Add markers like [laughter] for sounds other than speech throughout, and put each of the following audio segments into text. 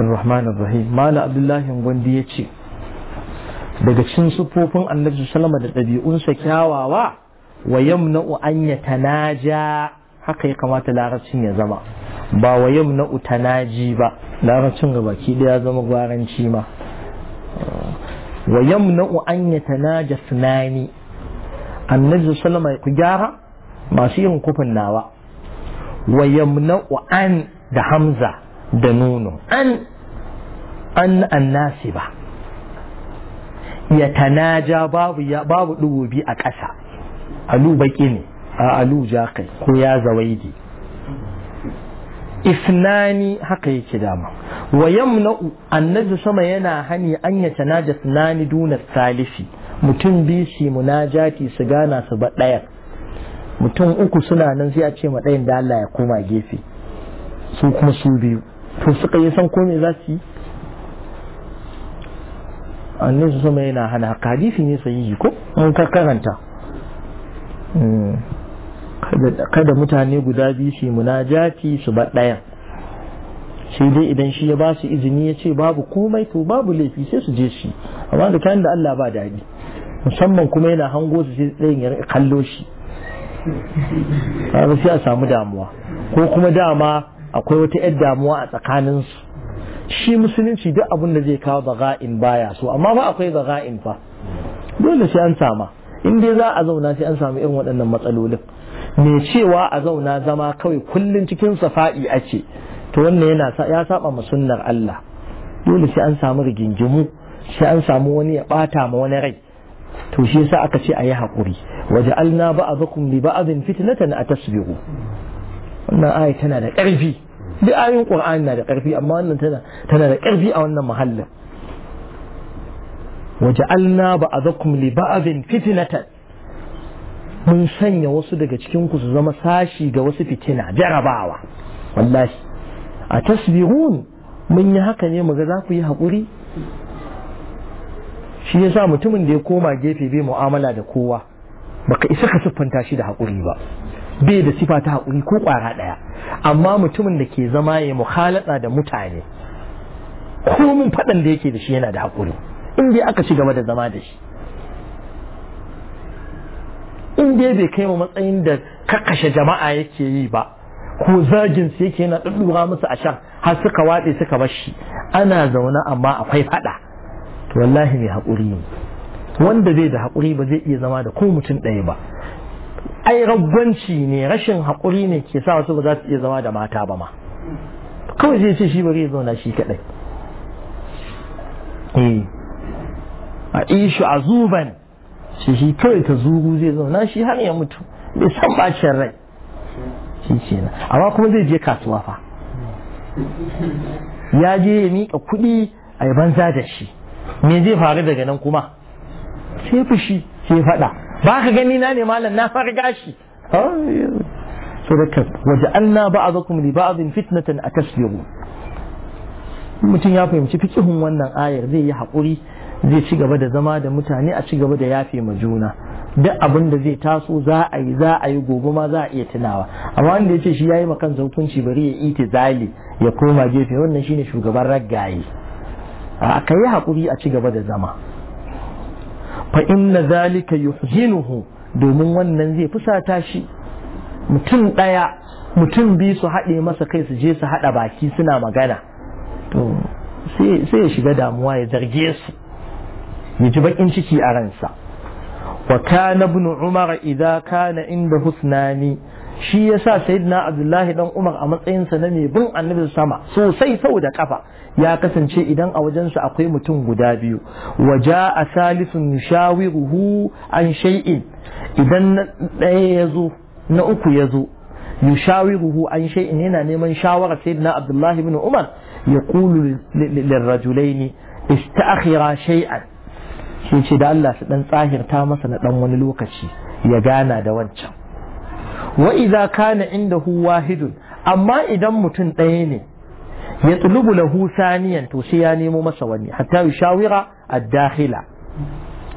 الرحمن الرحيم مال عبد الله غندي يجي daga cikin sufofin annabi sallama da ɗabi'unsa kyawawa wa yamna'u an ya tanaja haka ya kamata larabcin ya zama ba wa yamna'u tanaji ba larabcin ga baki da ya zama gwaranci ma wa yamna'u an ya tanaja sunani annabi sallama ku gyara masu yin kufin nawa wa yamna'u an da hamza da nono an an annasi ba ya tanaja babu babu a ƙasa alu baki ne a alu jakai ko ya zawaidi isnani haka yake dama wa yamna'u annabi sama yana hani an ya tanaja sunani duna salisi mutum bi shi munajati su gana su ba ɗaya mutum uku suna nan sai a ce ma ɗayan da Allah ya koma gefe su kuma su biyu to suka yi san ko za su yi annin su sama yana hana hadisi ne yi ko an ka hmm. kada mutane guda biyu su munajati su bar ɗayan sai dai idan shi ya ba su izini ya ce babu komai to babu laifi sai su je shi amma da kayan da Allah ba daɗi musamman kuma yana hango su sai tsayin ya kallo shi sai a samu damuwa ko kuma dama akwai wata yar damuwa a tsakaninsu shi musulunci duk abin da zai kawo baga'in baya so amma ba akwai baga'in fa dole sai an sama in dai za a zauna sai an samu irin waɗannan matsalolin me cewa a zauna zama kawai kullum cikin safa'i ake to wannan yana ya saba ma sunnar Allah dole sai an samu rigingimu sai an samu wani ya bata ma wani rai to shi yasa aka ce ayi hakuri waja'alna ba'dakum li ba'din fitnatan atasbiru wannan ayi tana da ƙarfi duk ayoyin qur'ani na da karfi amma wannan tana tana da karfi a wannan mahallin waja'alna ba'dakum li ba'din fitnatan mun sanya wasu daga cikin ku su zama sashi ga wasu fitina jarabawa wallahi a taswirun mun yi haka ne muga za ku yi haƙuri shi yasa mutumin da ya koma gefe bai mu'amala da kowa baka isa ka siffanta shi da haƙuri ba bai da sifa ta haƙuri ko ƙwara ɗaya amma mutumin da ke zama ya muhalata da mutane komin faɗan da yake da shi yana da haƙuri in dai aka ci gaba da zama da shi in dai bai kai ma matsayin da kakashe jama'a yake yi ba ko zagin su yake yana ɗaɗɗura musu a shan har suka watse suka bar shi ana zaune amma akwai faɗa to wallahi mai haƙuri ne wanda zai da haƙuri ba zai iya zama da ko mutum ɗaya ba ai ragwanci ne rashin haƙuri ne ke sa wasu ba za su iya zama da mata ba ma kawai zai ce shi bari ya zauna shi kaɗai eh. a ishu a zuban shi shi kawai ta zuru zai zauna shi har ya mutu bai san bacin rai shi ce amma kuma zai je kasuwa fa ya je ya miƙa kuɗi a banza da shi me zai faru daga nan kuma sai fushi sai faɗa ba ka gani na ne malam na fara gashi sadaka waje an na ba a zakum li ba'adin fitnatan a tasbiru mutum ya fahimci fikihun wannan ayar zai yi hakuri zai ci gaba da zama da mutane a ci gaba da yafe ma juna duk abin da zai taso za a yi za a yi gobe ma za a iya tunawa amma wanda ya ce shi ya yi makan zakunci bari ya ite zali ya koma gefe wannan shine shugaban raggaye a kai yi haƙuri a ci gaba da zama fa inna zalika yuhzinuhu domin wannan zai fusata shi mutum ɗaya mutum biyu su haɗe masa kai su je su haɗa baki suna magana to sai ya shiga damuwa ya zarge su ya ji bakin ciki a ransa wa kana ibn umar idza kana inda husnani shi yasa sayyidina abdullahi dan umar a matsayinsa na mai bin annabi sama sosai sau da kafa ya kasance idan a wajensa akwai mutum guda biyu waja a salisun yushawiruhu an shay'in idan ɗaya ya zo na uku ya zo yushawiruhu an shay'in yana neman shawara sayyidina abdullahi bin umar ya kulu lirrajulaini ista'khira shay'an shi ce da Allah su dan tsahirta masa na dan wani lokaci ya gana da wancan wa idza kana indahu wahidun amma idan mutum ɗaya ne ya tulubu lahu saniyan to sai ya nemo masa wani hatta ya shawira ad-dakhila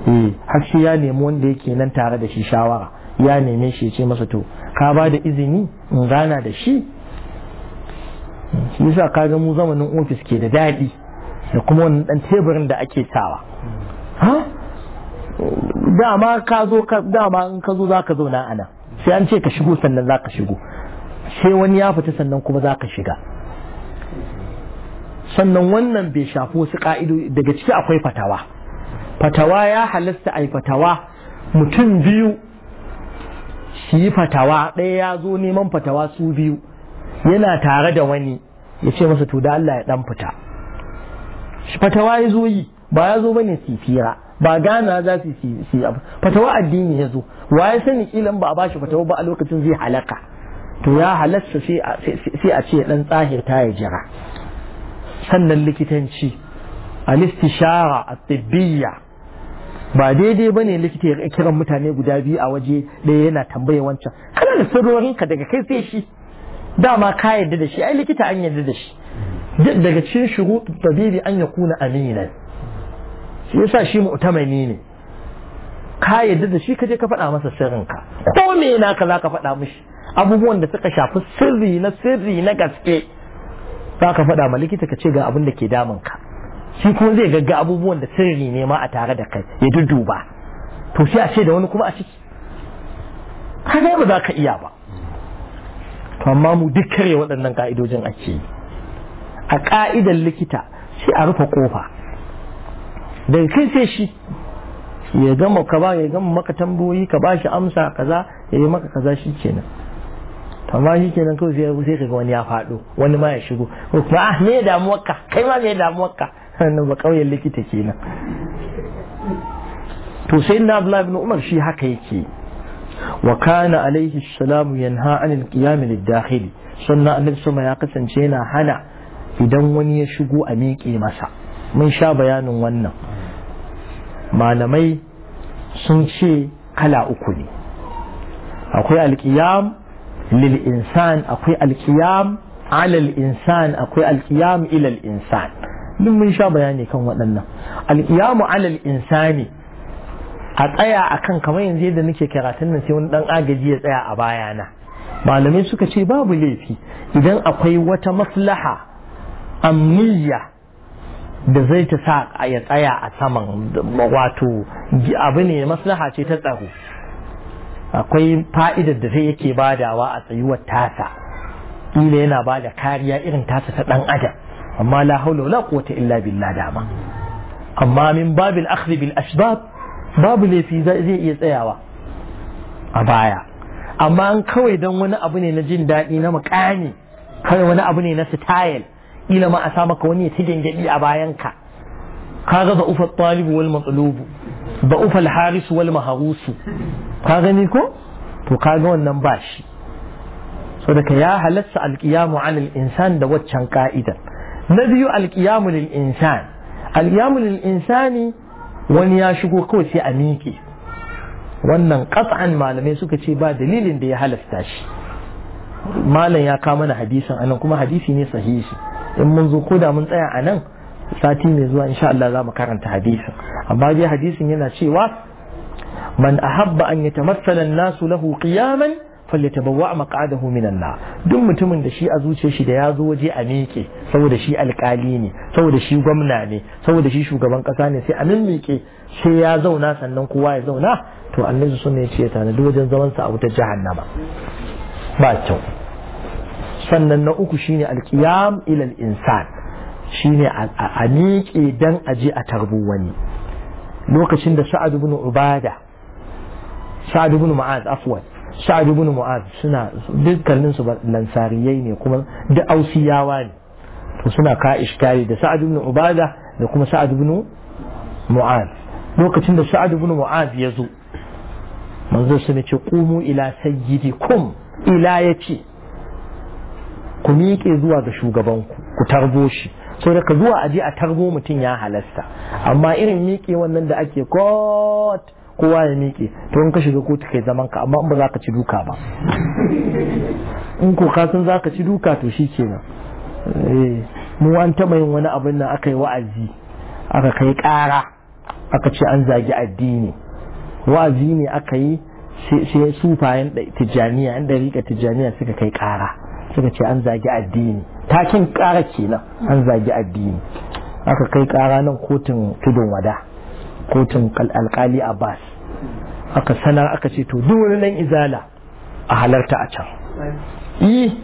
eh har shi ya nemi wanda yake nan tare da shi shawara ya neme shi ya ce masa to ka ba da izini in gana da shi yasa ka ga mu zamanin ofis ke da daɗi da kuma wani ɗan teburin da ake sawa hmm. dama ka zo dama in ka zo za ka zauna a nan sai an ce ka shigo sannan za ka shigo sai wani ya fita sannan kuma za ka shiga sannan wannan bai shafi wasu ka'ido daga ciki akwai fatawa fatawa ya halasta a yi fatawa mutum biyu su yi fatawa ɗaya ya zo neman fatawa su biyu yana tare da wani ya ce masa to da Allah ya ɗan fita fatawa ya zo yi ba ya zo bane su fira ba gana za su yi abu fatawa addini ya zo wa ya sani kilan ba a ba shi fatawa ba a lokacin zai halaka to ya halasta sai a ce dan tsahirta ya jira sannan likitanci shara a tibbiya ba daidai ba ne likita ya kiran mutane guda biyu a waje ɗaya yana tambaya wancan kana da sirrorinka daga kai sai shi dama ka yarda da shi ai likita an yarda da shi daga cikin shuru tabibi an ya kuna aminan shi yasa shi mu'tamani ne ka yadda da shi ka je ka faɗa masa sirrinka ko me na ka za ka faɗa mishi abubuwan da suka shafi sirri na sirri na gaske za ka faɗa ma likita ka ce ga abin da ke damun ka shi kuma zai gagga abubuwan da sirri ne ma a tare da kai ya dudduba to sai a ce da wani kuma a ciki ka ba za ka iya ba to amma mu duk kare waɗannan ka'idojin ake yi a ka'idar likita sai a rufe kofa daga kai sai shi ya gama ka ba ya gama maka tambayoyi ka ba shi amsa kaza ya yi maka kaza shi kenan amma shi kenan kawai sai sai kai wani ya faɗo wani ma ya shigo ko kuma ah me damuwar ka kai ma me damuwar ka [laughs] nan ba kauyen likita kenan to sai na Abdullah ibn Umar shi haka yake wa kana alaihi salamu yanha anil qiyam lid dakhili sannan annabi sama ya kasance yana hana idan wani ya shigo a miƙe masa mun sha bayanin wannan malamai sun ce kala uku ne akwai alkiyam lil insan akwai alkiyam alal insan akwai alkiyam ilal insan duk mun sha bayani kan waɗannan alkiyamu alal insani a tsaya a kan kamar yanzu yadda nake karatun nan sai wani ɗan agaji ya tsaya a bayana malamai suka ce babu laifi idan akwai wata maslaha amniyya. da zai ta sa ya tsaya a saman wato abu ne maslaha ce ta tsaro akwai fa'idar da zai yake badawa a tsayuwar tasa ila yana ba da kariya irin tasa ta ɗan adam amma la haula illa billah dama amma min babil akhdh bil ashbab babu laifi zai iya tsayawa a baya amma an kawai dan wani abu ne na jin daɗi na mukami kawai wani abu ne na style kila ma a sa maka wani ya ci gangadi a bayan ka kaga ba ufa talibu wal matsalubu ba ufa harisu wal maharusu ka gani ko to kaga wannan ba shi so daga ya halatta alkiyamu an insan da waccan ka'idar na biyu alkiyamu lil insan alkiyamu lil insani wani ya shigo kawai sai a miƙe wannan ƙasa'an malamai suka ce ba dalilin da ya halasta shi malam ya kama mana hadisin anan kuma hadisi ne sahihi in mun zo ko da mun tsaya a nan sati mai zuwa insha Allah za mu karanta hadisin amma dai hadisin yana cewa man ahabba an yatamassala an-nasu lahu qiyaman falyatabawwa maq'adahu min na. duk mutumin da shi a zuciyar shi da ya zo waje a miƙe saboda shi alƙali ne saboda shi gwamna ne saboda shi shugaban ƙasa ne sai a miƙe sai ya zauna sannan kowa ya zauna to annabi sunne ya ce ya tanadi wajen zaman sa a wutar jahannama ba kyau sannan na uku shine alkiyam ila al-insan shine a miƙe dan aje a tarbu wani lokacin da sa'ad ibn ubada sa'ad ibn mu'az afwan sa'ad ibn mu'az suna dukkanin su lansariyai ne kuma da ausiyawa ne to suna ka iskari da sa'ad ibn ubada da kuma sa'ad ibn mu'az lokacin da sa'ad ibn mu'az ya zo manzo su ce qumu ila sayyidikum ila yace ku miƙe zuwa ga shugabanku ku tarbo shi so ka zuwa ji a tarbo mutum ya halasta amma irin miƙe wannan da ake kot kowa ya miƙe to in ka shiga kotu kai zaman ka amma in ba za ka ci duka ba in ko ka san za ka ci duka to shi kenan eh, mu an taɓa yin wani abin nan aka yi wa'azi aka kai ƙara aka ce an zagi addini wa'azi ne aka yi sai sufayen tijjaniya yan rika tijjaniya suka kai ƙara suka ce an zagi addini takin ƙara kenan an zagi addini aka kai ƙara nan kotun tudun wada kotun alkali abbas aka sanar aka ce to duk wani nan izala a halarta a can yi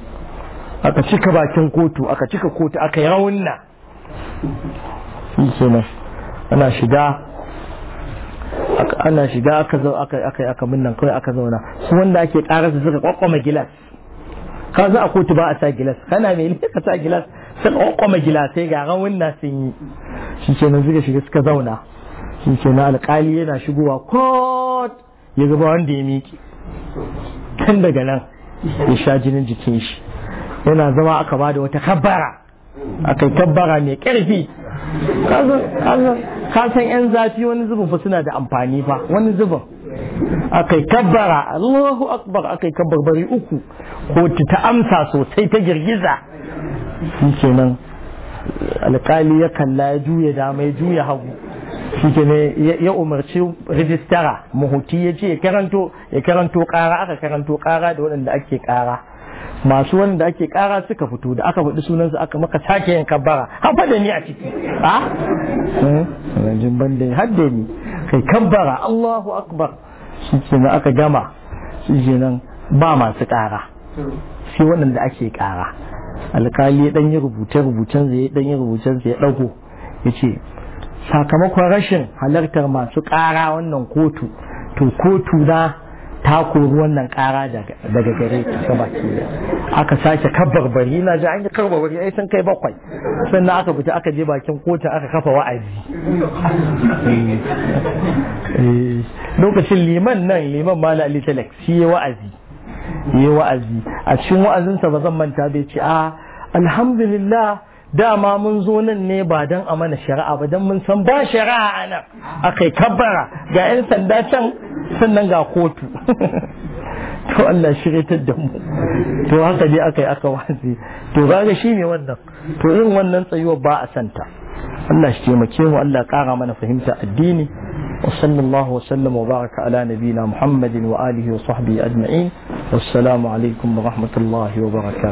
aka cika bakin kotu aka cika kotu aka yi raunna shi kenan ana shiga ana shiga aka zo aka aka aka minnan kawai aka zauna su wanda ake ƙara su suka kwakwama gilas ka za a kotu ba a sa gilas kana mai ne ka sa gilas sun kwakwama gilasai ga ran na sun yi shi ke nan suka shiga suka zauna shi ke na alkali yana shigowa kot ya zuba wanda ya miki. kan daga nan ya sha jinin jikin shi yana zama aka ba da wata kabbara akai kabbara mai ƙarfi ka san yan zafi wani zubin fa suna da amfani fa wani zubin Akai kabbara Allahu akbar aka kabbar bari uku ko ta amsa sosai ta girgiza shi kenan alƙali ya kalla ya juya dama ya juya hagu shi kenan ya umarci rijistara mahuti ya ce ya karanto ya karanto ƙara aka karanto kara da waɗanda ake ƙara masu wanda ake ƙara suka fito da aka faɗi su aka maka sake yin kabbara har da ni a ciki a? Ah? Hmm? ban da ni kai kabbara Allahu akbar shi kenan aka gama shi kenan ba masu ƙara sai waɗanda ake ƙara alkali ya ɗan yi rubuce-rubucen zai ɗan yi rubucen zai ɗago ya ce sakamakon rashin halartar masu ƙara wannan kotu to kotu na ta kori wannan ƙara daga gare ta baki aka sake kabarbari na ji an yi ai sun kai bakwai sannan aka fita aka je bakin kotu aka kafa wa'azi [laughs] eh, eh. lokacin liman nan liman mala ali talak shi ya wa'azi ya wa'azi a cikin wa'azinsa ba zan manta bai ce a ah, alhamdulillah dama mun zo nan ne ba don a mana shari'a ba don mun san ba shari'a a nan a kai kabbara ga 'yan sanda can sannan ga kotu [laughs] to Allah shiritar da mu to haka ne aka yi aka wazi to ga shi ne wannan to yin wannan tsayuwa ba a santa Allah shi taimake mu Allah kara mana fahimta addini وصلى الله وسلم وبارك على نبينا محمد وآله وصحبه أجمعين والسلام عليكم ورحمة الله وبركاته